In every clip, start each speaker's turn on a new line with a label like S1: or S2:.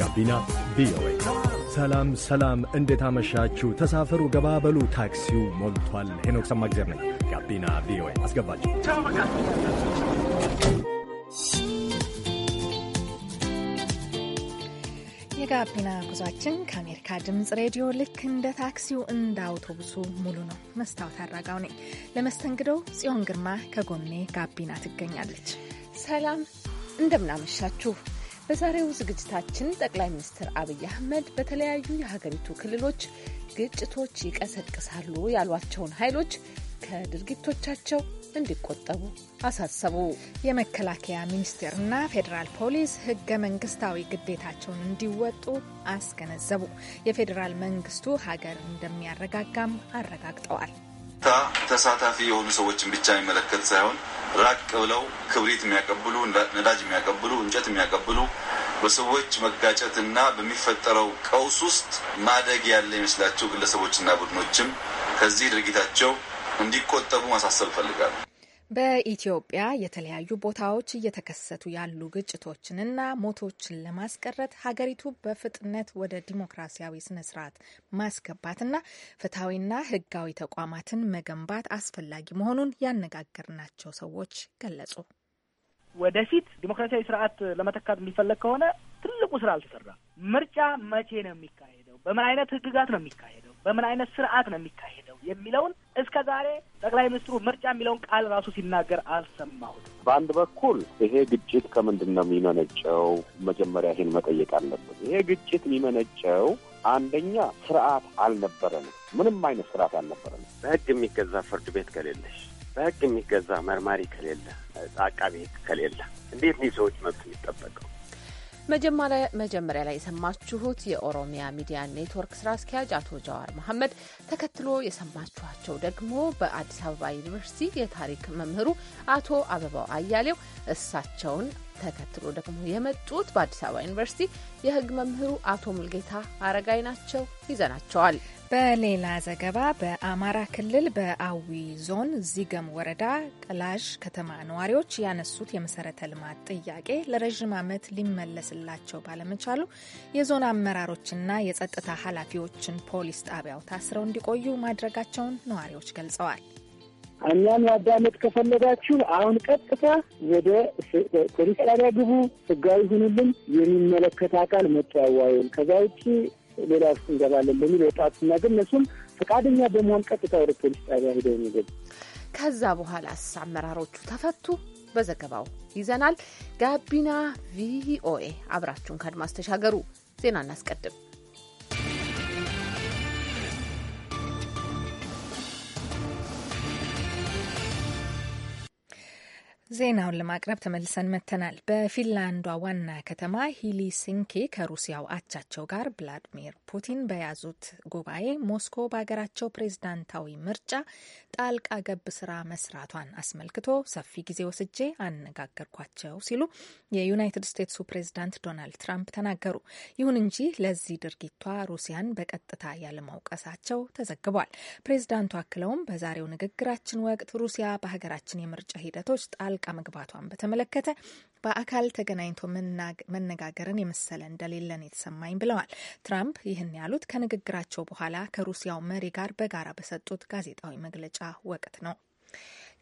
S1: ጋቢና ቪኦኤ። ሰላም ሰላም፣ እንዴት
S2: አመሻችሁ? ተሳፈሩ፣ ገባበሉ፣ ታክሲው ሞልቷል። ሄኖክ ሰማግዜር ነኝ። ጋቢና ቪኦኤ
S3: አስገባችሁ።
S4: የጋቢና ጉዟችን ከአሜሪካ ድምፅ ሬዲዮ ልክ እንደ ታክሲው እንደ አውቶቡሱ ሙሉ ነው። መስታወት አድራጋው ነኝ። ለመስተንግዶው ጽዮን ግርማ ከጎኔ ጋቢና ትገኛለች። ሰላም እንደምናመሻችሁ
S5: በዛሬው ዝግጅታችን ጠቅላይ ሚኒስትር አብይ አህመድ በተለያዩ የሀገሪቱ ክልሎች ግጭቶች ይቀሰቅሳሉ ያሏቸውን ኃይሎች ከድርጊቶቻቸው እንዲቆጠቡ አሳሰቡ። የመከላከያ ሚኒስቴርና ፌዴራል ፖሊስ ህገ
S4: መንግስታዊ ግዴታቸውን እንዲወጡ አስገነዘቡ። የፌዴራል መንግስቱ ሀገር እንደሚያረጋጋም አረጋግጠዋል።
S6: ተሳታፊ የሆኑ ሰዎችን ብቻ የሚመለከት ሳይሆን ራቅ ብለው ክብሪት የሚያቀብሉ፣ ነዳጅ የሚያቀብሉ፣ እንጨት የሚያቀብሉ በሰዎች መጋጨትና በሚፈጠረው ቀውስ ውስጥ ማደግ ያለ የሚመስላቸው ግለሰቦችና ቡድኖችም ከዚህ ድርጊታቸው እንዲቆጠቡ ማሳሰብ እፈልጋለሁ።
S4: በኢትዮጵያ የተለያዩ ቦታዎች እየተከሰቱ ያሉ ግጭቶችንና ሞቶችን ለማስቀረት ሀገሪቱ በፍጥነት ወደ ዲሞክራሲያዊ ስነ ስርዓት ማስገባትና ፍትሐዊና ህጋዊ ተቋማትን መገንባት አስፈላጊ መሆኑን ያነጋገርናቸው ሰዎች ገለጹ።
S7: ወደፊት ዲሞክራሲያዊ ስርዓት ለመተካት የሚፈለግ ከሆነ ትልቁ ስራ አልተሰራም። ምርጫ መቼ ነው የሚካሄደው? በምን አይነት ህግጋት ነው የሚካሄደው? በምን አይነት ስርዓት ነው የሚካሄደው የሚለውን እስከ ዛሬ ጠቅላይ ሚኒስትሩ ምርጫ የሚለውን ቃል ራሱ ሲናገር አልሰማሁት።
S8: በአንድ በኩል ይሄ ግጭት ከምንድን ነው የሚመነጨው?
S2: መጀመሪያ ይሄን መጠየቅ አለብን።
S8: ይሄ ግጭት የሚመነጨው አንደኛ ስርዓት
S2: አልነበረንም።
S8: ምንም አይነት ስርዓት አልነበረንም።
S2: በህግ የሚገዛ ፍርድ ቤት ከሌለሽ፣ በህግ የሚገዛ መርማሪ ከሌለ፣ አቃቤ ህግ ከሌለ እንዴት ነው ሰዎች መብት የሚጠበቀው?
S5: መጀመሪያ ላይ የሰማችሁት የኦሮሚያ ሚዲያ ኔትወርክ ስራ አስኪያጅ አቶ ጀዋር መሐመድ፣ ተከትሎ የሰማችኋቸው ደግሞ በአዲስ አበባ ዩኒቨርሲቲ የታሪክ መምህሩ አቶ አበባው አያሌው፣ እሳቸውን ተከትሎ ደግሞ የመጡት በአዲስ አበባ ዩኒቨርሲቲ የሕግ መምህሩ አቶ ሙልጌታ አረጋይ ናቸው። ይዘናቸዋል።
S4: በሌላ ዘገባ በአማራ ክልል በአዊ ዞን ዚገም ወረዳ ቅላዥ ከተማ ነዋሪዎች ያነሱት የመሰረተ ልማት ጥያቄ ለረዥም ዓመት ሊመለስላቸው ባለመቻሉ የዞን አመራሮችና የጸጥታ ኃላፊዎችን ፖሊስ ጣቢያው ታስረው እንዲቆዩ ማድረጋቸውን ነዋሪዎች ገልጸዋል።
S9: እኛን ማዳመጥ ከፈለጋችሁ አሁን ቀጥታ ወደ ፖሊስ ጣቢያ ግቡ፣ ህጋዊ ሁኑልን፣ የሚመለከት አካል መጡ ያዋየን። ከዛ ውጭ ሌላ ውስጥ እንገባለን በሚል ወጣቱና ግን እነሱም ፈቃደኛ በመሆን ቀጥታ ወደ ፖሊስ ጣቢያ ሄደው የሚገቡ
S5: ከዛ በኋላስ አመራሮቹ ተፈቱ። በዘገባው ይዘናል። ጋቢና ቪኦኤ አብራችሁን ከአድማስ ተሻገሩ። ዜና እናስቀድም።
S4: ዜናውን ለማቅረብ ተመልሰን መጥተናል። በፊንላንዷ ዋና ከተማ ሂሊሲንኪ ከሩሲያው አቻቸው ጋር ቭላዲሚር ፑቲን በያዙት ጉባኤ ሞስኮ በሀገራቸው ፕሬዝዳንታዊ ምርጫ ጣልቃ ገብ ስራ መስራቷን አስመልክቶ ሰፊ ጊዜ ወስጄ አነጋገርኳቸው ሲሉ የዩናይትድ ስቴትሱ ፕሬዝዳንት ዶናልድ ትራምፕ ተናገሩ። ይሁን እንጂ ለዚህ ድርጊቷ ሩሲያን በቀጥታ ያለማውቀሳቸው ተዘግቧል። ፕሬዝዳንቱ አክለውም በዛሬው ንግግራችን ወቅት ሩሲያ በሀገራችን የምርጫ ሂደቶች ጣል ጣልቃ መግባቷን በተመለከተ በአካል ተገናኝቶ መነጋገርን የመሰለ እንደሌለን የተሰማኝ ብለዋል። ትራምፕ ይህን ያሉት ከንግግራቸው በኋላ ከሩሲያው
S5: መሪ ጋር በጋራ በሰጡት ጋዜጣዊ መግለጫ ወቅት ነው።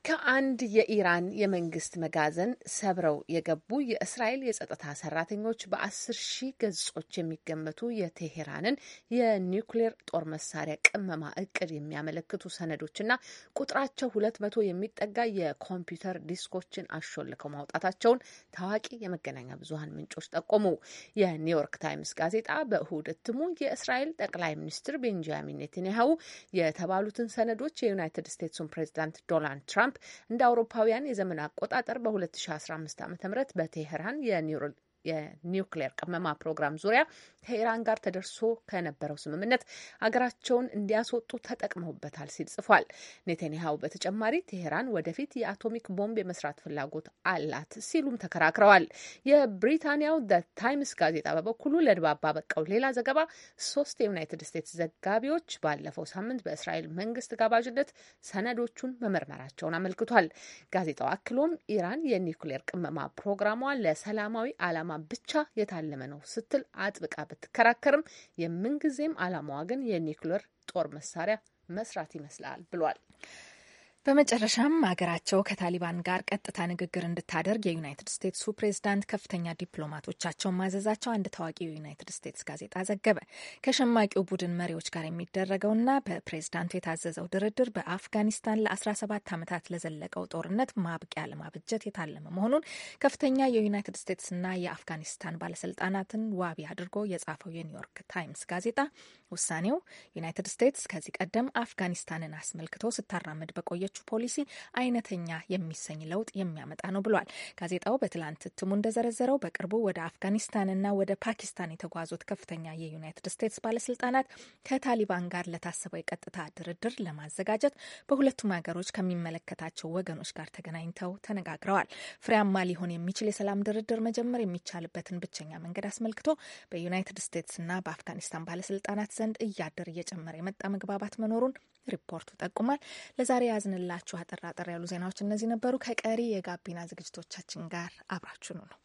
S5: ከአንድ የኢራን የመንግስት መጋዘን ሰብረው የገቡ የእስራኤል የጸጥታ ሰራተኞች በአስር ሺህ ገጾች የሚገመቱ የቴሄራንን የኒውክሌር ጦር መሳሪያ ቅመማ እቅድ የሚያመለክቱ ሰነዶችና ቁጥራቸው ሁለት መቶ የሚጠጋ የኮምፒውተር ዲስኮችን አሾልከው ማውጣታቸውን ታዋቂ የመገናኛ ብዙሀን ምንጮች ጠቆሙ። የኒውዮርክ ታይምስ ጋዜጣ በእሁድ እትሙ የእስራኤል ጠቅላይ ሚኒስትር ቤንጃሚን ኔትንያሁ የተባሉትን ሰነዶች የዩናይትድ ስቴትሱን ፕሬዚዳንት ዶናልድ ትራምፕ ትራምፕ እንደ አውሮፓውያን የዘመን አቆጣጠር በ2015 ዓ ም በቴሄራን የኒውሮል የኒውክሌር ቅመማ ፕሮግራም ዙሪያ ከኢራን ጋር ተደርሶ ከነበረው ስምምነት አገራቸውን እንዲያስወጡ ተጠቅመውበታል ሲል ጽፏል። ኔቴንያሁ በተጨማሪ ቴሄራን ወደፊት የአቶሚክ ቦምብ የመስራት ፍላጎት አላት ሲሉም ተከራክረዋል። የብሪታንያው ዘ ታይምስ ጋዜጣ በበኩሉ ለንባብ ባበቃው ሌላ ዘገባ ሶስት የዩናይትድ ስቴትስ ዘጋቢዎች ባለፈው ሳምንት በእስራኤል መንግስት ጋባዥነት ሰነዶቹን መመርመራቸውን አመልክቷል። ጋዜጣው አክሎም ኢራን የኒውክሌር ቅመማ ፕሮግራሟ ለሰላማዊ ዓላማ ብቻ የታለመ ነው ስትል አጥብቃ ብትከራከርም የምንጊዜም ዓላማዋ ግን የኒውክሌር ጦር መሳሪያ መስራት ይመስላል ብሏል።
S4: በመጨረሻም አገራቸው ከታሊባን ጋር ቀጥታ ንግግር እንድታደርግ የዩናይትድ ስቴትሱ ፕሬዝዳንት ከፍተኛ ዲፕሎማቶቻቸውን ማዘዛቸው አንድ ታዋቂ የዩናይትድ ስቴትስ ጋዜጣ ዘገበ። ከሸማቂው ቡድን መሪዎች ጋር የሚደረገውና በፕሬዝዳንቱ የታዘዘው ድርድር በአፍጋኒስታን ለ17 ዓመታት ለዘለቀው ጦርነት ማብቂያ ለማብጀት የታለመ መሆኑን ከፍተኛ የዩናይትድ ስቴትስና የአፍጋኒስታን ባለስልጣናትን ዋቢ አድርጎ የጻፈው የኒውዮርክ ታይምስ ጋዜጣ ውሳኔው ዩናይትድ ስቴትስ ከዚህ ቀደም አፍጋኒስታንን አስመልክቶ ስታራምድ በቆየችው ፖሊሲ አይነተኛ የሚሰኝ ለውጥ የሚያመጣ ነው ብሏል። ጋዜጣው በትላንት እትሙ እንደዘረዘረው በቅርቡ ወደ አፍጋኒስታንና ወደ ፓኪስታን የተጓዙት ከፍተኛ የዩናይትድ ስቴትስ ባለስልጣናት ከታሊባን ጋር ለታሰበው የቀጥታ ድርድር ለማዘጋጀት በሁለቱም ሀገሮች ከሚመለከታቸው ወገኖች ጋር ተገናኝተው ተነጋግረዋል። ፍሬያማ ሊሆን የሚችል የሰላም ድርድር መጀመር የሚቻልበትን ብቸኛ መንገድ አስመልክቶ በዩናይትድ ስቴትስና በአፍጋኒስታን ባለስልጣናት ዘንድ እያደር እየጨመረ የመጣ መግባባት መኖሩን ሪፖርቱ ጠቁሟል። ለዛሬ ያዝንላችሁ አጠር አጠር ያሉ ዜናዎች እነዚህ ነበሩ። ከቀሪ የጋቢና ዝግጅቶቻችን ጋር አብራችሁ ነው።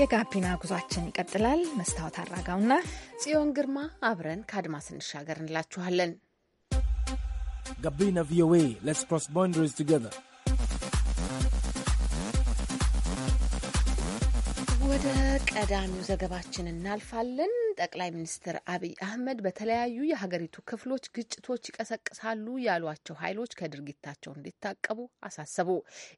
S4: የጋቢና ጉዟችን ይቀጥላል። መስታወት አራጋውና ጽዮን ግርማ
S5: አብረን ከአድማስ እንሻገር እንላችኋለን። ጋቢና ቪኦኤ ሌትስ ክሮስ ባውንደሪስ ቱጌዘር ወደ ቀዳሚው ዘገባችን እናልፋለን። ጠቅላይ ሚኒስትር አብይ አህመድ በተለያዩ የሀገሪቱ ክፍሎች ግጭቶች ይቀሰቅሳሉ ያሏቸው ኃይሎች ከድርጊታቸው እንዲታቀቡ አሳሰቡ።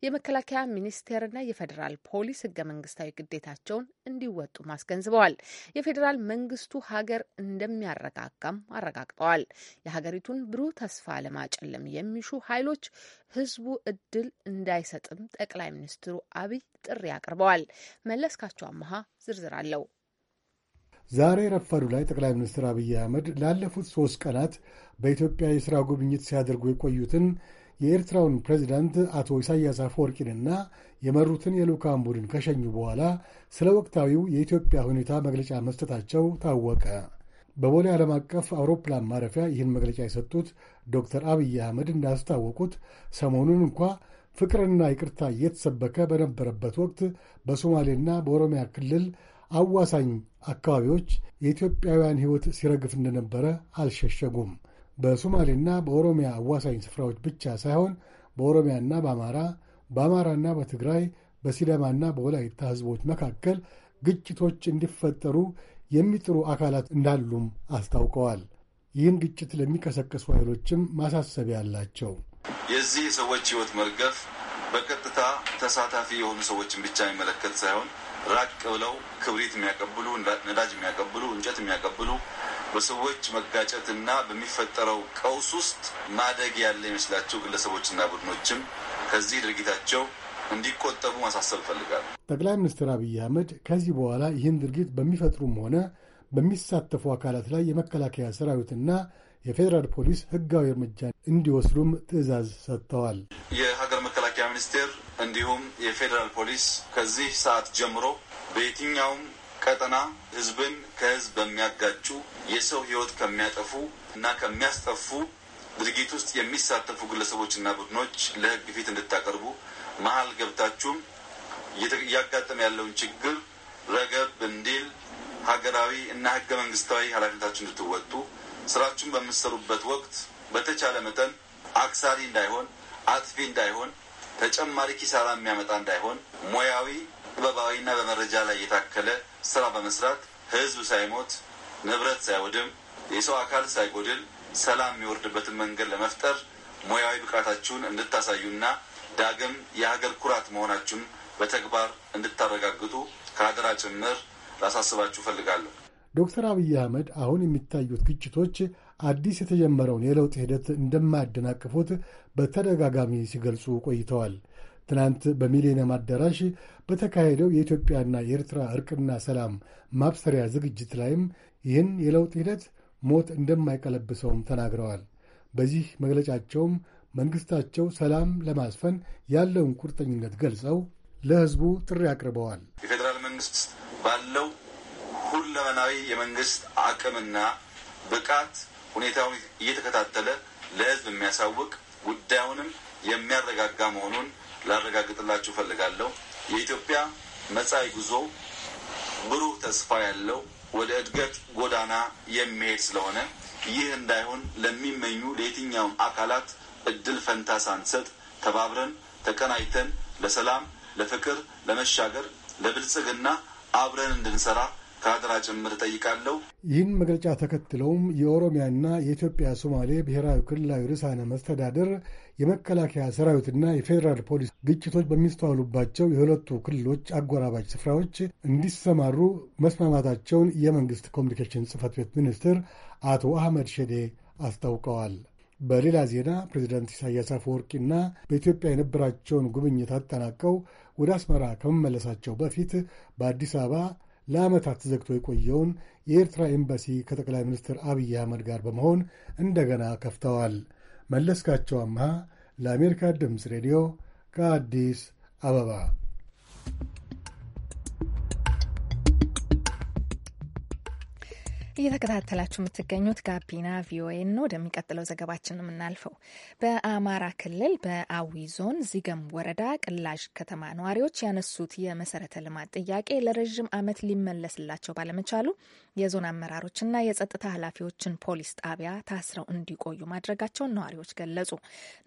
S5: የመከላከያ ሚኒስቴርና የፌዴራል ፖሊስ ህገ መንግስታዊ ግዴታቸውን እንዲወጡ ማስገንዝበዋል። የፌዴራል መንግስቱ ሀገር እንደሚያረጋጋም አረጋግጠዋል። የሀገሪቱን ብሩህ ተስፋ ለማጨለም የሚሹ ኃይሎች ህዝቡ እድል እንዳይሰጥም ጠቅላይ ሚኒስትሩ አብይ ጥሪ አቅርበዋል። መለስካቸው አመሃ ዝርዝር አለው።
S1: ዛሬ ረፋዱ ላይ ጠቅላይ ሚኒስትር አብይ አህመድ ላለፉት ሦስት ቀናት በኢትዮጵያ የሥራ ጉብኝት ሲያደርጉ የቆዩትን የኤርትራውን ፕሬዚዳንት አቶ ኢሳያስ አፈወርቂንና የመሩትን የልዑካን ቡድን ከሸኙ በኋላ ስለ ወቅታዊው የኢትዮጵያ ሁኔታ መግለጫ መስጠታቸው ታወቀ። በቦሌ ዓለም አቀፍ አውሮፕላን ማረፊያ ይህን መግለጫ የሰጡት ዶክተር አብይ አህመድ እንዳስታወቁት ሰሞኑን እንኳ ፍቅርና ይቅርታ እየተሰበከ በነበረበት ወቅት በሶማሌና በኦሮሚያ ክልል አዋሳኝ አካባቢዎች የኢትዮጵያውያን ሕይወት ሲረግፍ እንደነበረ አልሸሸጉም። በሶማሌና በኦሮሚያ አዋሳኝ ስፍራዎች ብቻ ሳይሆን በኦሮሚያና በአማራ በአማራና በትግራይ በሲዳማና በወላይታ ሕዝቦች መካከል ግጭቶች እንዲፈጠሩ የሚጥሩ አካላት እንዳሉም አስታውቀዋል። ይህን ግጭት ለሚቀሰቀሱ ኃይሎችም ማሳሰቢያ አላቸው።
S6: የዚህ የሰዎች ሕይወት መርገፍ በቀጥታ ተሳታፊ የሆኑ ሰዎችን ብቻ የሚመለከት ሳይሆን ራቅ ብለው ክብሪት የሚያቀብሉ ነዳጅ የሚያቀብሉ እንጨት የሚያቀብሉ በሰዎች መጋጨት እና በሚፈጠረው ቀውስ ውስጥ ማደግ ያለ ይመስላቸው ግለሰቦችና ቡድኖችም ከዚህ ድርጊታቸው እንዲቆጠቡ ማሳሰብ ይፈልጋል።
S1: ጠቅላይ ሚኒስትር አብይ አህመድ ከዚህ በኋላ ይህን ድርጊት በሚፈጥሩም ሆነ በሚሳተፉ አካላት ላይ የመከላከያ ሰራዊትና የፌዴራል ፖሊስ ህጋዊ እርምጃ እንዲወስዱም ትዕዛዝ ሰጥተዋል።
S6: መከላከያ ሚኒስቴር እንዲሁም የፌዴራል ፖሊስ ከዚህ ሰዓት ጀምሮ በየትኛውም ቀጠና ህዝብን ከህዝብ በሚያጋጩ የሰው ህይወት ከሚያጠፉ እና ከሚያስጠፉ ድርጊት ውስጥ የሚሳተፉ ግለሰቦችና ቡድኖች ለህግ ፊት እንድታቀርቡ መሀል ገብታችሁም እያጋጠመ ያለውን ችግር ረገብ እንዲል ሀገራዊ እና ህገ መንግስታዊ ኃላፊነታችሁ እንድትወጡ ስራችሁን በምትሰሩበት ወቅት በተቻለ መጠን አክሳሪ እንዳይሆን፣ አጥፊ እንዳይሆን ተጨማሪ ኪሳራ የሚያመጣ እንዳይሆን ሙያዊ ጥበባዊና በመረጃ ላይ የታከለ ስራ በመስራት ህዝብ ሳይሞት ንብረት ሳይወድም የሰው አካል ሳይጎድል ሰላም የሚወርድበትን መንገድ ለመፍጠር ሙያዊ ብቃታችሁን እንድታሳዩና ዳግም የሀገር ኩራት መሆናችሁን በተግባር እንድታረጋግጡ ከአደራ ጭምር ላሳስባችሁ እፈልጋለሁ።
S1: ዶክተር አብይ አህመድ አሁን የሚታዩት ግጭቶች አዲስ የተጀመረውን የለውጥ ሂደት እንደማያደናቅፉት በተደጋጋሚ ሲገልጹ ቆይተዋል። ትናንት በሚሌኒየም አዳራሽ በተካሄደው የኢትዮጵያና የኤርትራ እርቅና ሰላም ማብሰሪያ ዝግጅት ላይም ይህን የለውጥ ሂደት ሞት እንደማይቀለብሰውም ተናግረዋል። በዚህ መግለጫቸውም መንግሥታቸው ሰላም ለማስፈን ያለውን ቁርጠኝነት ገልጸው ለሕዝቡ ጥሪ አቅርበዋል።
S6: የፌዴራል መንግስት ባለው ሁለመናዊ የመንግስት አቅምና ብቃት ሁኔታውን እየተከታተለ ለህዝብ የሚያሳውቅ ጉዳዩንም የሚያረጋጋ መሆኑን ላረጋግጥላችሁ ፈልጋለሁ። የኢትዮጵያ መጻኢ ጉዞ ብሩህ ተስፋ ያለው ወደ እድገት ጎዳና የሚሄድ ስለሆነ ይህ እንዳይሆን ለሚመኙ ለየትኛውም አካላት እድል ፈንታ ሳንሰጥ ተባብረን ተቀናይተን ለሰላም፣ ለፍቅር፣ ለመሻገር፣ ለብልጽግና አብረን እንድንሰራ ከአደራ ጭምር እጠይቃለሁ።
S1: ይህን መግለጫ ተከትለውም የኦሮሚያና የኢትዮጵያ ሶማሌ ብሔራዊ ክልላዊ ርዕሳነ መስተዳደር የመከላከያ ሰራዊትና የፌዴራል ፖሊስ ግጭቶች በሚስተዋሉባቸው የሁለቱ ክልሎች አጎራባች ስፍራዎች እንዲሰማሩ መስማማታቸውን የመንግስት ኮሚኒኬሽን ጽህፈት ቤት ሚኒስትር አቶ አህመድ ሼዴ አስታውቀዋል። በሌላ ዜና ፕሬዚዳንት ኢሳያስ አፈወርቂና በኢትዮጵያ የነበራቸውን ጉብኝት አጠናቀው ወደ አስመራ ከመመለሳቸው በፊት በአዲስ አበባ ለዓመታት ዘግቶ የቆየውን የኤርትራ ኤምባሲ ከጠቅላይ ሚኒስትር አብይ አህመድ ጋር በመሆን እንደገና ከፍተዋል። መለስካቸው አምሃ ለአሜሪካ ድምፅ ሬዲዮ ከአዲስ አበባ
S4: እየተከታተላችሁ የምትገኙት ጋቢና ቪኦኤ ነው። ወደሚቀጥለው ዘገባችን የምናልፈው በአማራ ክልል በአዊ ዞን ዚገም ወረዳ ቅላዥ ከተማ ነዋሪዎች ያነሱት የመሰረተ ልማት ጥያቄ ለረዥም ዓመት ሊመለስላቸው ባለመቻሉ የዞን አመራሮችና የጸጥታ ኃላፊዎችን ፖሊስ ጣቢያ ታስረው እንዲቆዩ ማድረጋቸውን ነዋሪዎች ገለጹ።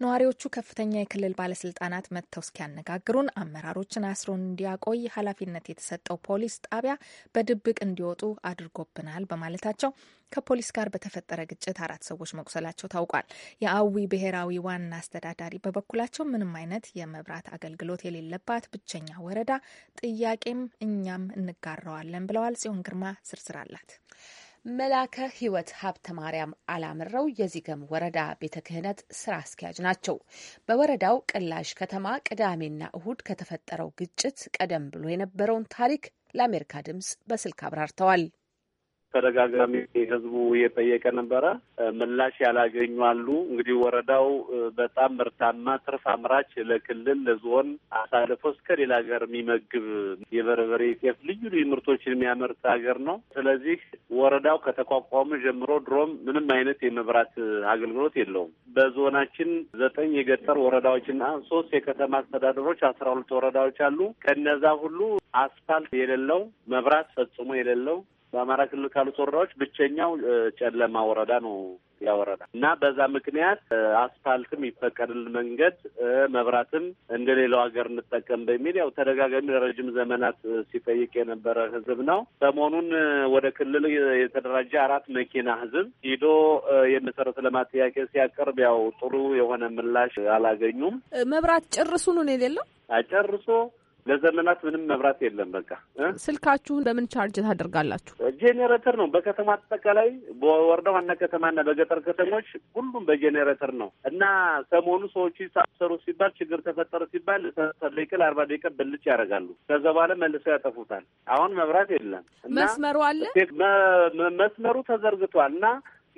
S4: ነዋሪዎቹ ከፍተኛ የክልል ባለስልጣናት መጥተው እስኪያነጋግሩን አመራሮችን አስሮ እንዲያቆይ ኃላፊነት የተሰጠው ፖሊስ ጣቢያ በድብቅ እንዲወጡ አድርጎብናል በማለት ማለታቸው ከፖሊስ ጋር በተፈጠረ ግጭት አራት ሰዎች መቁሰላቸው ታውቋል። የአዊ ብሔራዊ ዋና አስተዳዳሪ በበኩላቸው ምንም አይነት የመብራት አገልግሎት የሌለባት ብቸኛ ወረዳ ጥያቄም እኛም
S5: እንጋራዋለን ብለዋል። ጽዮን ግርማ ዝርዝር አላት። መላከ ሕይወት ሀብተ ማርያም አላምረው የዚገም ወረዳ ቤተ ክህነት ስራ አስኪያጅ ናቸው። በወረዳው ቅላሽ ከተማ ቅዳሜና እሁድ ከተፈጠረው ግጭት ቀደም ብሎ የነበረውን ታሪክ ለአሜሪካ ድምጽ በስልክ አብራርተዋል።
S10: ተደጋጋሚ ህዝቡ እየጠየቀ ነበረ። ምላሽ ያላገኙ አሉ። እንግዲህ ወረዳው በጣም ምርታማ ትርፍ አምራች ለክልል ለዞን አሳልፎ እስከ ሌላ ሀገር የሚመግብ የበርበሬ ጤፍ፣ ልዩ ልዩ ምርቶችን የሚያመርት ሀገር ነው። ስለዚህ ወረዳው ከተቋቋመ ጀምሮ ድሮም ምንም አይነት የመብራት አገልግሎት የለውም። በዞናችን ዘጠኝ የገጠር ወረዳዎችና ሶስት የከተማ አስተዳደሮች አስራ ሁለት ወረዳዎች አሉ። ከነዛ ሁሉ አስፋልት የሌለው መብራት ፈጽሞ የሌለው በአማራ ክልል ካሉት ወረዳዎች ብቸኛው ጨለማ ወረዳ ነው ያወረዳ እና በዛ ምክንያት አስፋልትም ይፈቀድል መንገድ መብራትም እንደሌላው ሀገር እንጠቀም በሚል ያው ተደጋጋሚ ለረጅም ዘመናት ሲጠይቅ የነበረ ህዝብ ነው። ሰሞኑን ወደ ክልል የተደራጀ አራት መኪና ህዝብ ሂዶ የመሰረተ ልማት ጥያቄ ሲያቀርብ ያው ጥሩ የሆነ ምላሽ አላገኙም።
S5: መብራት ጨርሱን ነው የሌለው
S10: አጨርሶ ለዘመናት ምንም መብራት የለም። በቃ
S5: ስልካችሁን በምን ቻርጅ ታደርጋላችሁ? ጄኔሬተር ነው። በከተማ አጠቃላይ
S10: በወረዳ ዋና ከተማና በገጠር ከተሞች ሁሉም በጄኔሬተር ነው እና ሰሞኑ ሰዎች ሳሰሩ ሲባል ችግር ተፈጠረ ሲባል ደቂቃ ለአርባ ደቂቃ ብልጭ ያደርጋሉ። ከዛ በኋላ መልሰው ያጠፉታል። አሁን መብራት የለም።
S5: መስመሩ አለ
S10: መስመሩ ተዘርግቷል እና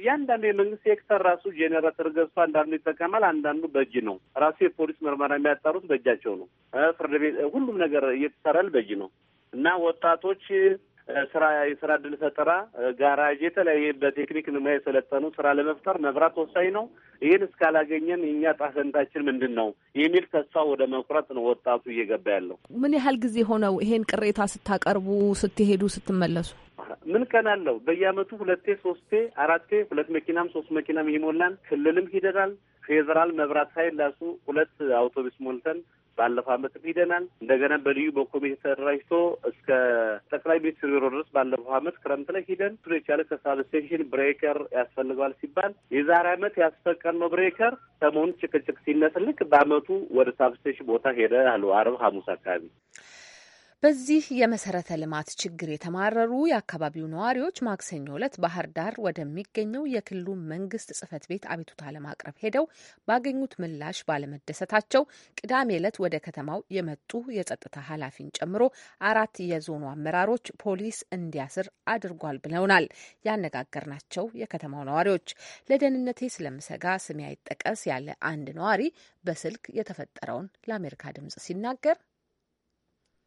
S10: እያንዳንዱ የመንግስት ሴክተር ራሱ ጄኔሬተር ገዝቶ አንዳንዱ ይጠቀማል፣ አንዳንዱ በእጅ ነው። ራሱ የፖሊስ ምርመራ የሚያጣሩት በእጃቸው ነው። ፍርድ ቤት ሁሉም ነገር እየተሰራል በእጅ ነው እና ወጣቶች ስራ የስራ እድል ፈጠራ፣ ጋራጅ፣ የተለያየ በቴክኒክ ንማ የሰለጠኑ ስራ ለመፍጠር መብራት ወሳኝ ነው። ይህን እስካላገኘን የእኛ ዕጣ ምንድን ነው የሚል ተስፋ ወደ መቁረጥ ነው ወጣቱ እየገባ ያለው።
S5: ምን ያህል ጊዜ ሆነው ይሄን ቅሬታ ስታቀርቡ ስትሄዱ ስትመለሱ? ምን
S10: ቀን አለው? በየአመቱ ሁለቴ ሶስቴ አራቴ ሁለት መኪናም ሶስት መኪናም ይሞላን። ክልልም ሂደናል። ፌዴራል መብራት ኃይል ራሱ ሁለት አውቶቡስ ሞልተን ባለፈው አመትም ሂደናል። እንደገና በልዩ በኮሚቴ ተደራጅቶ እስከ ጠቅላይ ሚኒስትር ቢሮ ድረስ ባለፈው አመት ክረምት ላይ ሂደን ቱ የቻለ ከሳብስቴሽን ብሬከር ያስፈልገዋል ሲባል የዛሬ አመት ያስፈቀድነው ብሬከር ሰሞኑን ጭቅጭቅ ሲነስልክ በአመቱ ወደ ሳብስቴሽን ቦታ ሄደ አሉ አርብ ሐሙስ አካባቢ
S5: በዚህ የመሰረተ ልማት ችግር የተማረሩ የአካባቢው ነዋሪዎች ማክሰኞ ዕለት ባህር ዳር ወደሚገኘው የክልሉ መንግስት ጽህፈት ቤት አቤቱታ ለማቅረብ ሄደው ባገኙት ምላሽ ባለመደሰታቸው ቅዳሜ ዕለት ወደ ከተማው የመጡ የጸጥታ ኃላፊን ጨምሮ አራት የዞኑ አመራሮች ፖሊስ እንዲያስር አድርጓል ብለውናል ያነጋገርናቸው የከተማው ነዋሪዎች። ለደህንነቴ ስለምሰጋ ስሜ አይጠቀስ ያለ አንድ ነዋሪ በስልክ የተፈጠረውን ለአሜሪካ ድምጽ ሲናገር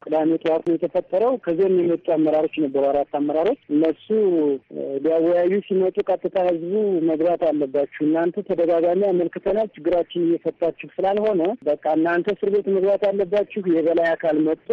S9: ቅዳሜ ጠዋት ነው የተፈጠረው። ከዚህም የመጡ አመራሮች ነበሩ፣ አራት አመራሮች። እነሱ ሊያወያዩ ሲመጡ ቀጥታ ህዝቡ መግባት አለባችሁ፣ እናንተ ተደጋጋሚ አመልክተናል፣ ችግራችን እየፈታችሁ ስላልሆነ በቃ እናንተ እስር ቤት መግባት አለባችሁ፣ የበላይ አካል መጥቶ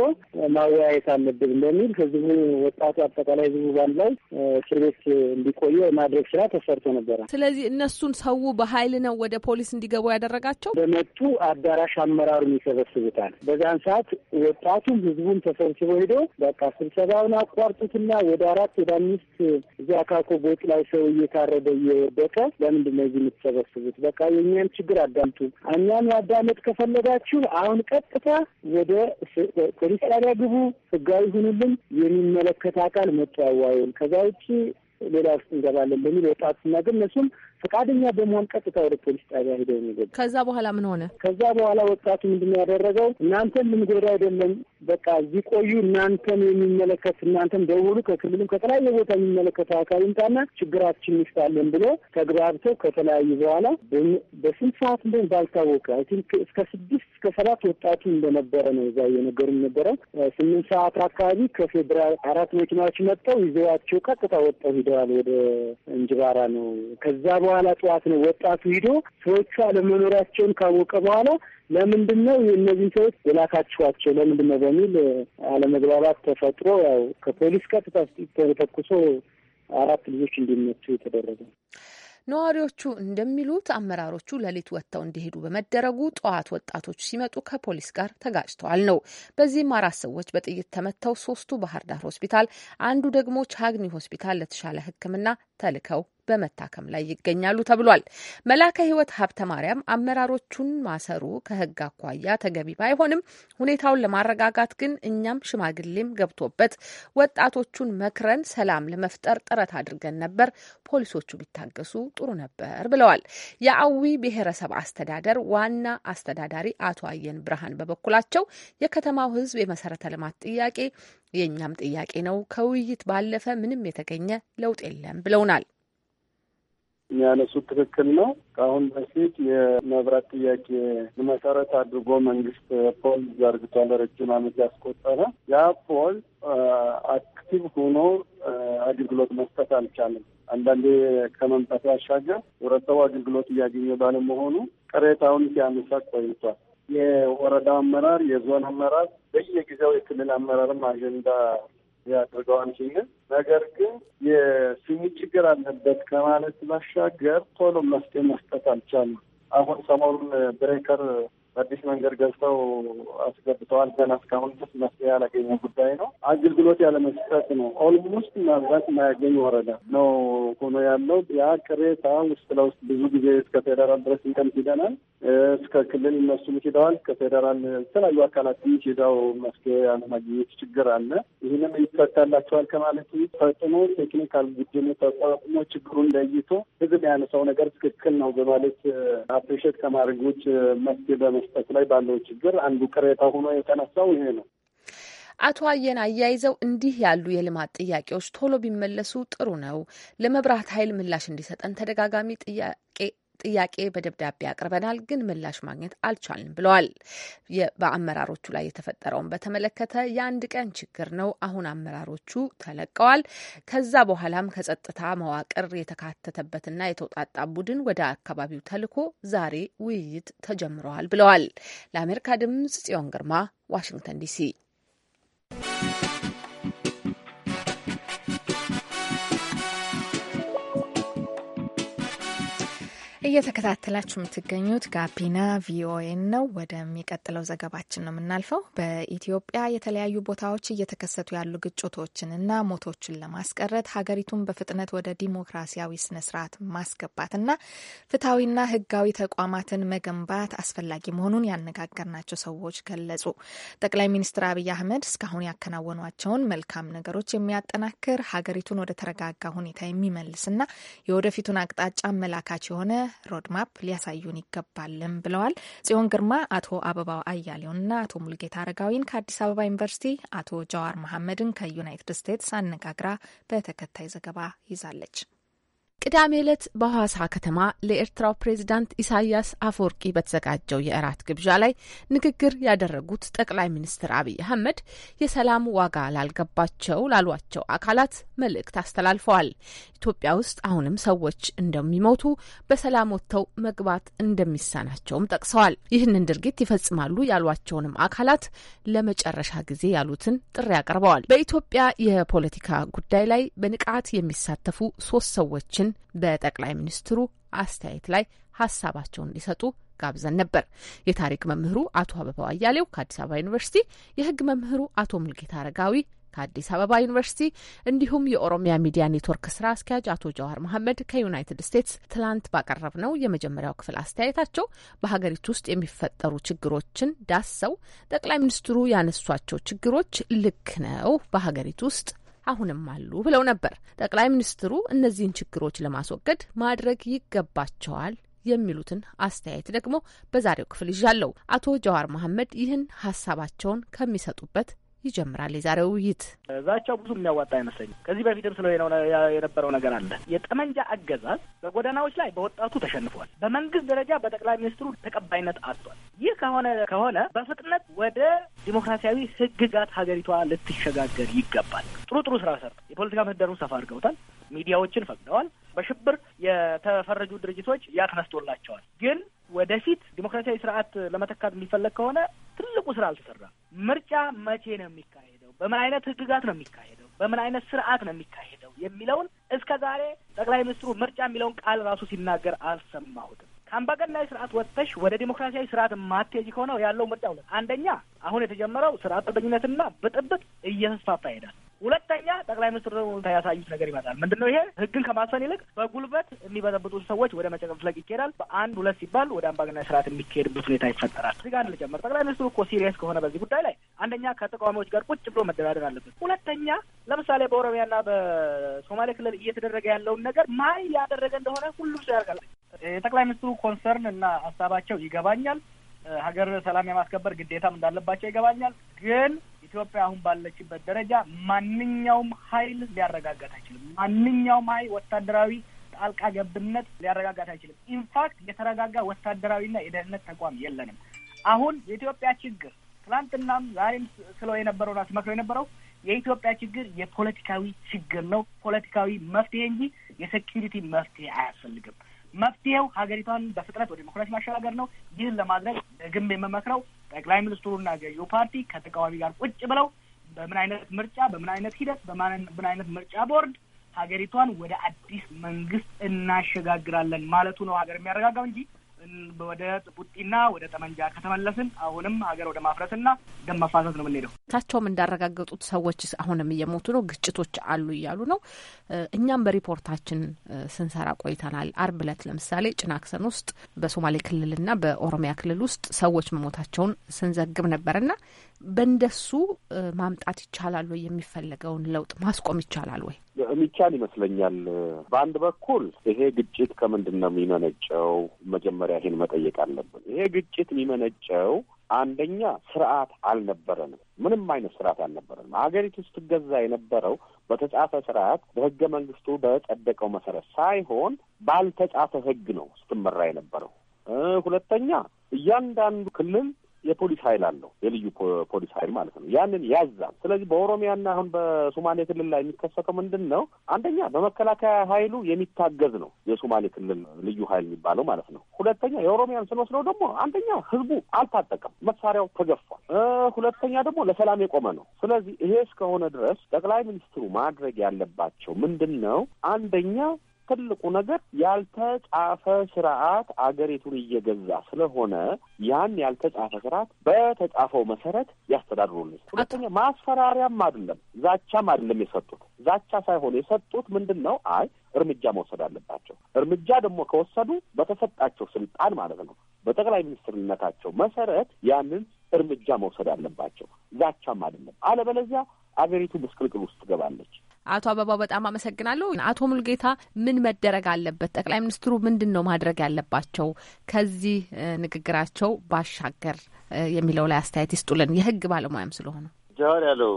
S9: ማወያየት አለብን በሚል ህዝቡ፣ ወጣቱ፣ አጠቃላይ ህዝቡ ባንድ ላይ እስር ቤት እንዲቆየ የማድረግ ስራ ተሰርቶ ነበረ።
S5: ስለዚህ እነሱን ሰው በሀይል ነው ወደ ፖሊስ እንዲገቡ ያደረጋቸው። በመጡ አዳራሽ አመራሩን
S9: ይሰበስቡታል። በዛን ሰዓት ወጣቱም ህዝቡም ተሰብስቦ ሄዶ በቃ ስብሰባውን አቋርጡትና ወደ አራት ወደ አምስት እዚያ አካኮ ቦጥ ላይ ሰው እየታረደ እየወደቀ ለምንድን ነው እዚህ የምትሰበስቡት? በቃ የእኛን ችግር አዳምጡ። እኛን ማዳመጥ ከፈለጋችሁ አሁን ቀጥታ ወደ ፖሊስ ጣቢያ ግቡ፣ ህጋዊ ሁኑልን፣ የሚመለከት አካል መጡ ያዋዩን። ከዛ ውጭ ሌላ ውስጥ እንገባለን በሚል ወጣት እና ግን እነሱም ፈቃደኛ በመሆን ቀጥታ ወደ ፖሊስ ጣቢያ ሄደው የሚገቡ።
S5: ከዛ በኋላ ምን ሆነ?
S9: ከዛ በኋላ ወጣቱ ምንድነው ያደረገው? እናንተን ልንጎዳ አይደለም፣ በቃ እዚህ ቆዩ፣ እናንተን የሚመለከት እናንተን ደውሉ፣ ከክልልም ከተለያየ ቦታ የሚመለከተው አካል ይምጣና ችግራችን ይፍታለን ብሎ ተግባብተው ከተለያዩ በኋላ በስንት ሰዓት እንደሆነ ባልታወቀ አይ ቲንክ እስከ ስድስት እስከ ሰባት ወጣቱ እንደነበረ ነው እዛ እየነገሩ ነበረው። ስምንት ሰዓት አካባቢ ከፌዴራል አራት መኪናዎች መጥተው ይዘዋቸው ቀጥታ ወጥተው ሂደዋል። ወደ እንጅባራ ነው ከዛ በኋላ በኋላ ጠዋት ነው ወጣቱ ሂዶ ሰዎቹ አለመኖራቸውን ካወቀ በኋላ ለምንድን ነው እነዚህን ሰዎች የላካችኋቸው ለምንድን ነው በሚል አለመግባባት ተፈጥሮ ያው ከፖሊስ ቀጥታ ተተኩሶ አራት ልጆች እንዲመቱ የተደረገ
S5: ነዋሪዎቹ እንደሚሉት አመራሮቹ ሌሊት ወጥተው እንዲሄዱ በመደረጉ ጠዋት ወጣቶቹ ሲመጡ ከፖሊስ ጋር ተጋጭተዋል ነው። በዚህም አራት ሰዎች በጥይት ተመተው ሶስቱ ባህር ዳር ሆስፒታል፣ አንዱ ደግሞ ቻግኒ ሆስፒታል ለተሻለ ሕክምና ተልከው በመታከም ላይ ይገኛሉ ተብሏል። መላከ ሕይወት ሀብተ ማርያም አመራሮቹን ማሰሩ ከሕግ አኳያ ተገቢ ባይሆንም ሁኔታውን ለማረጋጋት ግን እኛም ሽማግሌም ገብቶበት ወጣቶቹን መክረን ሰላም ለመፍጠር ጥረት አድርገን ነበር። ፖሊሶቹ ቢታገሱ ጥሩ ነበር ብለዋል። የአዊ ብሔረሰብ አስተዳደር ዋና አስተዳዳሪ አቶ አየን ብርሃን በበኩላቸው የከተማው ሕዝብ የመሰረተ ልማት ጥያቄ የእኛም ጥያቄ ነው። ከውይይት ባለፈ ምንም የተገኘ ለውጥ የለም ብለውናል።
S11: የሚያነሱት ትክክል ነው። ከአሁን በፊት የመብራት ጥያቄ መሰረት አድርጎ መንግስት ፖል ዘርግቷል። ረጅም ዓመት ያስቆጠረ ያ ፖል አክቲቭ ሆኖ አገልግሎት መስጠት አልቻለም። አንዳንዴ ከመምጣት ባሻገር ህብረተሰቡ አገልግሎት እያገኘ ባለመሆኑ ቅሬታውን ሲያነሳ ቆይቷል። የወረዳ አመራር፣ የዞን አመራር በየጊዜው የክልል አመራርም አጀንዳ ያደርገዋል ይህንን። ነገር ግን የስኒ ችግር አለበት ከማለት ባሻገር ቶሎ መፍትሄ መስጠት አልቻለም። አሁን ሰሞኑን ብሬከር በአዲስ መንገድ ገዝተው አስገብተዋል። ገና እስካሁን ድረስ መፍትሄ ያላገኘ ጉዳይ ነው። አገልግሎት ያለመስጠት ነው። ኦልሞስት ማብዛት የማያገኝ ወረዳ ነው ሆኖ ያለው። ያ ቅሬታ ውስጥ ለውስጥ ብዙ ጊዜ እስከ ፌዴራል ድረስ እንቀም ሂደናል። እስከ ክልል እነሱም ሂደዋል። እስከ ከፌዴራል የተለያዩ አካላትም ሂደው መፍትሄ ያለማግኘት ችግር አለ። ይህንም ይፈታላቸዋል ከማለት ፈጥኖ ቴክኒካል ቡድኑ ተቋቁሞ ችግሩን ለይቶ ህዝብ ያነሳው ነገር ትክክል ነው በማለት አፕሪሼት ከማድረግ ውጭ መፍትሄ በመ መስጠት ላይ ባለው ችግር አንዱ ቅሬታ ሆኖ የተነሳው ይሄ ነው።
S5: አቶ አየን አያይዘው እንዲህ ያሉ የልማት ጥያቄዎች ቶሎ ቢመለሱ ጥሩ ነው። ለመብራት ኃይል ምላሽ እንዲሰጠን ተደጋጋሚ ጥያቄ ጥያቄ በደብዳቤ አቅርበናል፣ ግን ምላሽ ማግኘት አልቻልም ብለዋል። በአመራሮቹ ላይ የተፈጠረውን በተመለከተ የአንድ ቀን ችግር ነው። አሁን አመራሮቹ ተለቀዋል። ከዛ በኋላም ከጸጥታ መዋቅር የተካተተበትና የተውጣጣ ቡድን ወደ አካባቢው ተልኮ ዛሬ ውይይት ተጀምረዋል ብለዋል። ለአሜሪካ ድምጽ ጽዮን ግርማ ዋሽንግተን ዲሲ
S4: እየተከታተላችሁ የምትገኙት ጋቢና ቪኦኤ ነው። ወደሚቀጥለው ዘገባችን ነው የምናልፈው። በኢትዮጵያ የተለያዩ ቦታዎች እየተከሰቱ ያሉ ግጭቶችንና ሞቶችን ለማስቀረት ሀገሪቱን በፍጥነት ወደ ዲሞክራሲያዊ ስነስርዓት ማስገባትና ፍትሐዊና ህጋዊ ተቋማትን መገንባት አስፈላጊ መሆኑን ያነጋገርናቸው ሰዎች ገለጹ። ጠቅላይ ሚኒስትር አብይ አህመድ እስካሁን ያከናወኗቸውን መልካም ነገሮች የሚያጠናክር ሀገሪቱን ወደ ተረጋጋ ሁኔታ የሚመልስና የወደፊቱን አቅጣጫ አመላካች የሆነ ሮድማፕ ሊያሳዩን ይገባልም ብለዋል። ጽዮን ግርማ አቶ አበባው አያሌውንና አቶ ሙልጌታ አረጋዊን ከአዲስ አበባ ዩኒቨርሲቲ፣ አቶ ጀዋር መሐመድን ከዩናይትድ ስቴትስ አነጋግራ በተከታይ ዘገባ ይዛለች።
S5: ቅዳሜ ዕለት በሐዋሳ ከተማ ለኤርትራው ፕሬዚዳንት ኢሳያስ አፈወርቂ በተዘጋጀው የእራት ግብዣ ላይ ንግግር ያደረጉት ጠቅላይ ሚኒስትር አብይ አህመድ የሰላም ዋጋ ላልገባቸው ላሏቸው አካላት መልእክት አስተላልፈዋል። ኢትዮጵያ ውስጥ አሁንም ሰዎች እንደሚሞቱ በሰላም ወጥተው መግባት እንደሚሳናቸውም ጠቅሰዋል። ይህንን ድርጊት ይፈጽማሉ ያሏቸውንም አካላት ለመጨረሻ ጊዜ ያሉትን ጥሪ አቅርበዋል። በኢትዮጵያ የፖለቲካ ጉዳይ ላይ በንቃት የሚሳተፉ ሶስት ሰዎችን በጠቅላይ ሚኒስትሩ አስተያየት ላይ ሀሳባቸውን እንዲሰጡ ጋብዘን ነበር። የታሪክ መምህሩ አቶ አበባው አያሌው ከአዲስ አበባ ዩኒቨርሲቲ፣ የህግ መምህሩ አቶ ሙልጌታ አረጋዊ ከአዲስ አበባ ዩኒቨርሲቲ እንዲሁም የኦሮሚያ ሚዲያ ኔትወርክ ስራ አስኪያጅ አቶ ጀዋር መሐመድ ከዩናይትድ ስቴትስ ትላንት ነው የመጀመሪያው ክፍል አስተያየታቸው በሀገሪቱ ውስጥ የሚፈጠሩ ችግሮችን ዳሰው ጠቅላይ ሚኒስትሩ ያነሷቸው ችግሮች ልክ ነው፣ በሀገሪቱ ውስጥ አሁንም አሉ ብለው ነበር። ጠቅላይ ሚኒስትሩ እነዚህን ችግሮች ለማስወገድ ማድረግ ይገባቸዋል የሚሉትን አስተያየት ደግሞ በዛሬው ክፍል ይዣለሁ። አቶ ጀዋር መሐመድ ይህን ሀሳባቸውን ከሚሰጡበት ይጀምራል የዛሬ ውይይት።
S7: ዛቻው ብዙ የሚያዋጣ አይመስለኝም። ከዚህ በፊትም ስለ የነበረው ነገር አለ። የጠመንጃ አገዛዝ በጎዳናዎች ላይ በወጣቱ ተሸንፏል። በመንግስት ደረጃ በጠቅላይ ሚኒስትሩ ተቀባይነት አጥቷል። ይህ ከሆነ ከሆነ በፍጥነት ወደ ዲሞክራሲያዊ ህግጋት ሀገሪቷ ልትሸጋገር ይገባል። ጥሩ ጥሩ ስራ ሰርተው የፖለቲካ ምህደሩን ሰፋ አድርገውታል። ሚዲያዎችን ፈቅደዋል። በሽብር የተፈረጁ ድርጅቶች ያተነስቶላቸዋል ግን ወደፊት ዲሞክራሲያዊ ስርዓት ለመተካት የሚፈለግ ከሆነ ትልቁ ስራ አልተሰራም። ምርጫ መቼ ነው የሚካሄደው፣ በምን አይነት ህግጋት ነው የሚካሄደው፣ በምን አይነት ስርዓት ነው የሚካሄደው የሚለውን እስከ ዛሬ ጠቅላይ ሚኒስትሩ ምርጫ የሚለውን ቃል ራሱ ሲናገር አልሰማሁትም። ከአምባገናዊ ስርዓት ወጥተሽ ወደ ዲሞክራሲያዊ ስርዓት ማቴጅ ከሆነ ያለው ምርጫ ሁለት፣ አንደኛ አሁን የተጀመረው ስርዓት ጠበኝነትና ብጥብጥ እየተስፋፋ ይሄዳል። ሁለተኛ ጠቅላይ ሚኒስትር ያሳዩት ነገር ይመጣል። ምንድነው ይሄ ህግን ከማስፈን ይልቅ በጉልበት የሚበጠብጡ ሰዎች ወደ መጨፍለቅ ይካሄዳል። በአንድ ሁለት ሲባል ወደ አምባገነን ስርዓት የሚካሄድበት ሁኔታ ይፈጠራል። እዚህ ጋር ልጀምር። ጠቅላይ ሚኒስትሩ እኮ ሲሪየስ ከሆነ በዚህ ጉዳይ ላይ አንደኛ ከተቃዋሚዎች ጋር ቁጭ ብሎ መደራደር አለበት። ሁለተኛ ለምሳሌ በኦሮሚያና በሶማሌ ክልል እየተደረገ ያለውን ነገር ማን ያደረገ እንደሆነ ሁሉም ሰው ያርቃል። የጠቅላይ ሚኒስትሩ ኮንሰርን እና ሀሳባቸው ይገባኛል። ሀገር ሰላም የማስከበር ግዴታም እንዳለባቸው ይገባኛል ግን ኢትዮጵያ አሁን ባለችበት ደረጃ ማንኛውም ኃይል ሊያረጋጋት አይችልም። ማንኛውም ኃይል ወታደራዊ ጣልቃ ገብነት ሊያረጋጋት አይችልም። ኢንፋክት የተረጋጋ ወታደራዊና የደህንነት ተቋም የለንም። አሁን የኢትዮጵያ ችግር ትናንትናም ዛሬም ስለው የነበረውና ስመክረው የነበረው የኢትዮጵያ ችግር የፖለቲካዊ ችግር ነው። ፖለቲካዊ መፍትሄ እንጂ የሴኪሪቲ መፍትሄ አያስፈልግም። መፍትሄው ሀገሪቷን በፍጥነት ወደ ዲሞክራሲ ማሸጋገር ነው። ይህን ለማድረግ ግም የምመክረው ጠቅላይ ሚኒስትሩና ገዢው ፓርቲ ከተቃዋሚ ጋር ቁጭ ብለው በምን አይነት ምርጫ፣ በምን አይነት ሂደት፣ በምን አይነት ምርጫ ቦርድ ሀገሪቷን ወደ አዲስ መንግስት እናሸጋግራለን ማለቱ ነው ሀገር የሚያረጋጋው እንጂ ወደ ቡጢና ወደ ጠመንጃ ከተመለስን አሁንም ሀገር ወደ ማፍረስና ደም መፋሰስ ነው የምንሄደው።
S5: ታቸውም እንዳረጋገጡት ሰዎች አሁንም እየሞቱ ነው፣ ግጭቶች አሉ እያሉ ነው። እኛም በሪፖርታችን ስንሰራ ቆይተናል። አርብ ዕለት ለምሳሌ ጭናክሰን ውስጥ በሶማሌ ክልልና በኦሮሚያ ክልል ውስጥ ሰዎች መሞታቸውን ስንዘግብ ነበርና በእንደሱ ማምጣት ይቻላል ወይ? የሚፈለገውን ለውጥ ማስቆም ይቻላል ወይ?
S8: የሚቻል ይመስለኛል። በአንድ በኩል ይሄ ግጭት ከምንድን ነው የሚመነጨው? መጀመሪያ ይሄን መጠየቅ አለብን። ይሄ ግጭት የሚመነጨው አንደኛ ስርዓት አልነበረንም። ምንም አይነት ስርዓት አልነበረንም። ሀገሪቱ ስትገዛ የነበረው በተጻፈ ስርዓት በህገ መንግስቱ በጸደቀው መሰረት ሳይሆን ባልተጻፈ ህግ ነው ስትመራ የነበረው። ሁለተኛ እያንዳንዱ ክልል የፖሊስ ኃይል አለው የልዩ ፖሊስ ኃይል ማለት ነው። ያንን ያዛል። ስለዚህ በኦሮሚያና አሁን በሶማሌ ክልል ላይ የሚከሰተው ምንድን ነው? አንደኛ በመከላከያ ኃይሉ የሚታገዝ ነው የሶማሌ ክልል ልዩ ኃይል የሚባለው ማለት ነው። ሁለተኛ የኦሮሚያን ስንወስደው ደግሞ አንደኛ ህዝቡ አልታጠቀም፣ መሳሪያው ተገፏል። ሁለተኛ ደግሞ ለሰላም የቆመ ነው። ስለዚህ ይሄ እስከሆነ ድረስ ጠቅላይ ሚኒስትሩ ማድረግ ያለባቸው ምንድን ነው? አንደኛ ትልቁ ነገር ያልተጻፈ ስርዓት አገሪቱን እየገዛ ስለሆነ ያን ያልተጻፈ ስርዓት በተጻፈው መሰረት ያስተዳድሩልን። ሁለተኛ ማስፈራሪያም አይደለም ዛቻም አይደለም የሰጡት ዛቻ ሳይሆን የሰጡት ምንድን ነው? አይ እርምጃ መውሰድ አለባቸው። እርምጃ ደግሞ ከወሰዱ በተሰጣቸው ስልጣን ማለት ነው፣ በጠቅላይ ሚኒስትርነታቸው መሰረት ያንን እርምጃ መውሰድ አለባቸው። ዛቻም አይደለም። አለበለዚያ አገሪቱ ምስቅልቅል ውስጥ ትገባለች።
S5: አቶ አበባው በጣም አመሰግናለሁ። አቶ ሙልጌታ ምን መደረግ አለበት? ጠቅላይ ሚኒስትሩ ምንድን ነው ማድረግ ያለባቸው ከዚህ ንግግራቸው ባሻገር የሚለው ላይ አስተያየት ይስጡልን። የህግ ባለሙያም ስለሆነ
S2: ጃዋር ያለው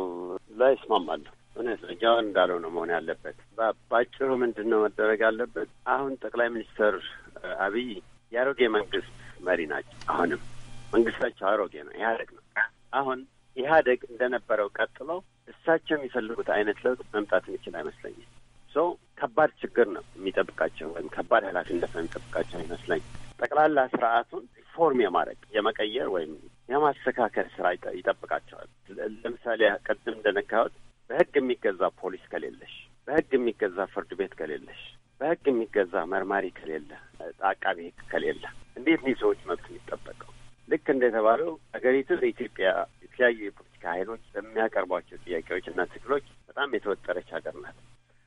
S2: ላይ እስማማለሁ። እውነት እጃውን እንዳለው ነው መሆን ያለበት። በአጭሩ ምንድን ነው መደረግ ያለበት? አሁን ጠቅላይ ሚኒስትር አብይ የአሮጌ መንግስት መሪ ናቸው። አሁንም መንግስታቸው አሮጌ ነው፣ ኢህአዴግ ነው። አሁን ኢህአዴግ እንደነበረው ቀጥሎ እሳቸው የሚፈልጉት አይነት ለውጥ መምጣት የሚችል አይመስለኝም። ሶ ከባድ ችግር ነው የሚጠብቃቸው ወይም ከባድ ኃላፊነት ነው የሚጠብቃቸው ይመስለኝ። ጠቅላላ ስርዓቱን ፎርም የማድረግ የመቀየር ወይም የማስተካከል ስራ ይጠብቃቸዋል። ለምሳሌ ቅድም እንደነካሁት በህግ የሚገዛ ፖሊስ ከሌለሽ፣ በህግ የሚገዛ ፍርድ ቤት ከሌለሽ፣ በህግ የሚገዛ መርማሪ ከሌለ፣ አቃቢ ህግ ከሌለ እንዴት ነው የሰዎች መብት የሚጠበቀው? ልክ እንደተባለው ሀገሪቱ በኢትዮጵያ የተለያዩ የፖለቲካ ኃይሎች በሚያቀርቧቸው ጥያቄዎች እና ትግሎች በጣም የተወጠረች ሀገር ናት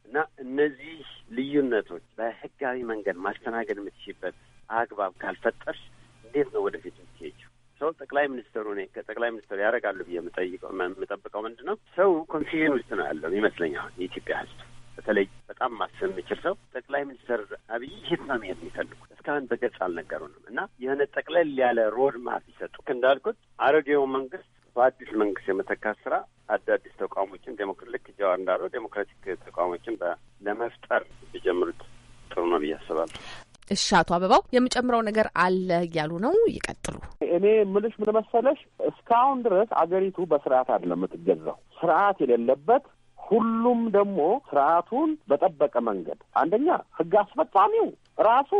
S2: እና እነዚህ ልዩነቶች በህጋዊ መንገድ ማስተናገድ የምትችበት አግባብ ካልፈጠርሽ እንዴት ነው ወደፊት የምትሄጂው? ሰው ጠቅላይ ሚኒስትሩ እኔ ከጠቅላይ ሚኒስትሩ ያደርጋሉ ብዬ የምጠይቀው የምጠብቀው ምንድን ነው ሰው ኮንፊዥን ውስጥ ነው ያለው ይመስለኛል። የኢትዮጵያ ህዝብ በተለይ በጣም ማሰብ የሚችል ሰው ጠቅላይ ሚኒስትር አብይ የት ነው መሄድ የሚፈልጉ እስካሁን በግልጽ አልነገሩንም እና የሆነ ጠቅለል ያለ ሮድ ማፕ ይሰጡ እንዳልኩት አሮጌው መንግስት በአዲስ መንግስት የመተካት ስራ አዳዲስ ተቋሞችን ዴሞክራ- ልክ ጀዋር እንዳለው ዴሞክራቲክ ተቋሞችን ለመፍጠር የጀምሩት ጥሩ ነው ብዬ አስባለሁ።
S5: እሻቱ አበባው የምጨምረው ነገር አለ እያሉ ነው፣ ይቀጥሉ። እኔ ምልሽ ምን መሰለሽ፣
S8: እስካሁን ድረስ አገሪቱ በስርዓት አይደለም የምትገዛው። ስርዓት የሌለበት ሁሉም ደግሞ ስርዓቱን በጠበቀ መንገድ አንደኛ ህግ አስፈጻሚው ራሱ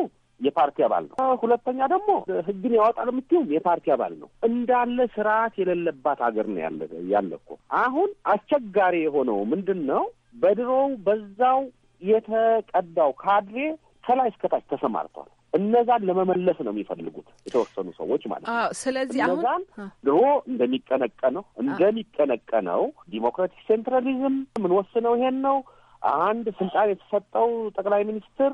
S8: የፓርቲ አባል ነው። ሁለተኛ ደግሞ ህግን ያወጣል የምትይውም የፓርቲ አባል ነው። እንዳለ ስርዓት የሌለባት ሀገር ነው ያለ ያለ እኮ አሁን አስቸጋሪ የሆነው ምንድን ነው? በድሮው በዛው የተቀዳው ካድሬ ከላይ እስከታች ተሰማርተዋል እነዛን ለመመለስ ነው የሚፈልጉት የተወሰኑ ሰዎች ማለት ነው።
S5: ስለዚህ እነዛን
S8: ድሮ እንደሚቀነቀነው እንደሚቀነቀነው ዲሞክራቲክ ሴንትራሊዝም የምንወስነው ይሄን ነው። አንድ ስልጣን የተሰጠው ጠቅላይ ሚኒስትር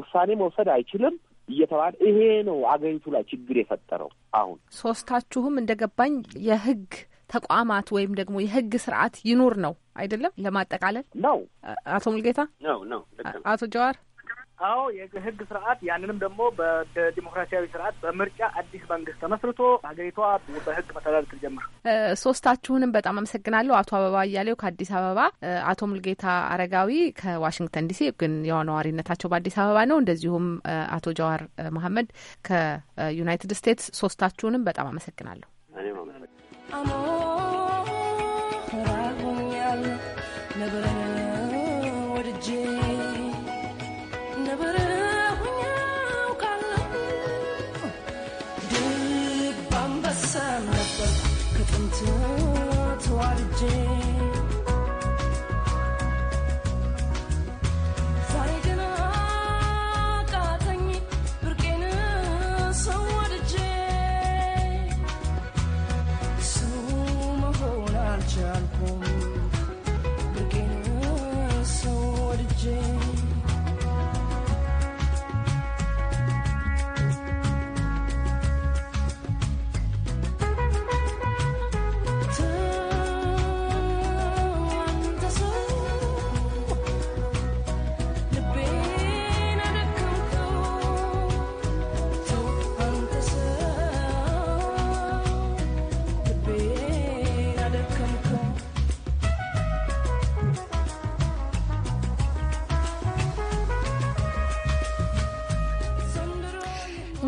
S8: ውሳኔ መውሰድ አይችልም እየተባለ ይሄ ነው አገሪቱ ላይ ችግር የፈጠረው። አሁን
S5: ሶስታችሁም እንደ ገባኝ የህግ ተቋማት ወይም ደግሞ የህግ ስርዓት ይኑር ነው አይደለም? ለማጠቃለል ነው። አቶ ሙልጌታ ነው ነው አቶ ጀዋር
S7: አዎ የህግ ስርዓት ያንንም ደግሞ በዲሞክራሲያዊ ስርዓት በምርጫ አዲስ መንግስት ተመስርቶ ሀገሪቷ በህግ መተዳደር ትጀምር።
S5: ሶስታችሁንም በጣም አመሰግናለሁ። አቶ አበባ እያሌው ከአዲስ አበባ፣ አቶ ሙልጌታ አረጋዊ ከዋሽንግተን ዲሲ ግን የሆነ ነዋሪነታቸው በአዲስ አበባ ነው፣ እንደዚሁም አቶ ጀዋር መሀመድ ከዩናይትድ ስቴትስ። ሶስታችሁንም በጣም አመሰግናለሁ።
S2: እኔም
S3: አመሰግናለሁ።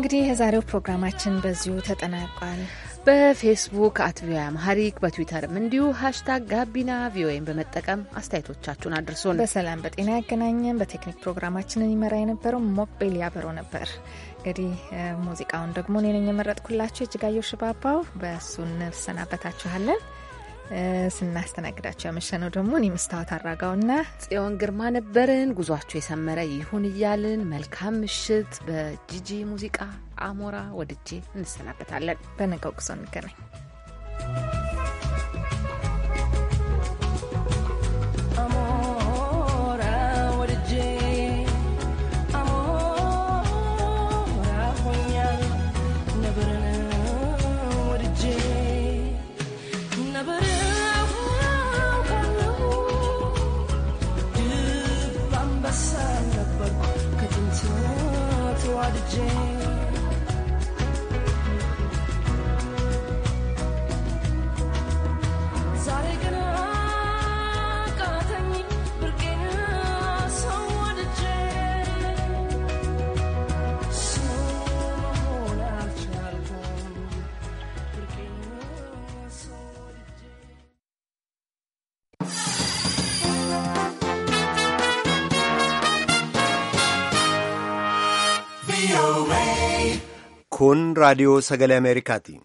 S4: እንግዲህ የዛሬው ፕሮግራማችን በዚሁ ተጠናቋል።
S5: በፌስቡክ አት ቪኦኤ አምሃሪክ በትዊተርም እንዲሁ ሀሽታግ ጋቢና ቪኦኤን በመጠቀም አስተያየቶቻችሁን አድርሶን በሰላም በጤና ያገናኘን። በቴክኒክ ፕሮግራማችንን ይመራ
S4: የነበረው ሞቤል ያበሮ ነበር። እንግዲህ ሙዚቃውን ደግሞ እኔ ነኝ የመረጥኩላችሁ እጅጋየሁ ሽባባው። በእሱ እንሰናበታችኋለን። ስናስተናግዳቸው ያመሸነው ደግሞ እኔ መስታወት አራጋውና
S5: ጽዮን ግርማ ነበርን። ጉዟቸው የሰመረ ይሁን እያልን መልካም ምሽት። በጂጂ ሙዚቃ አሞራ ወድጄ እንሰናበታለን። በነገው ጉዞ እንገናኝ።
S1: Kun raadiyoo sagale Ameerikaati.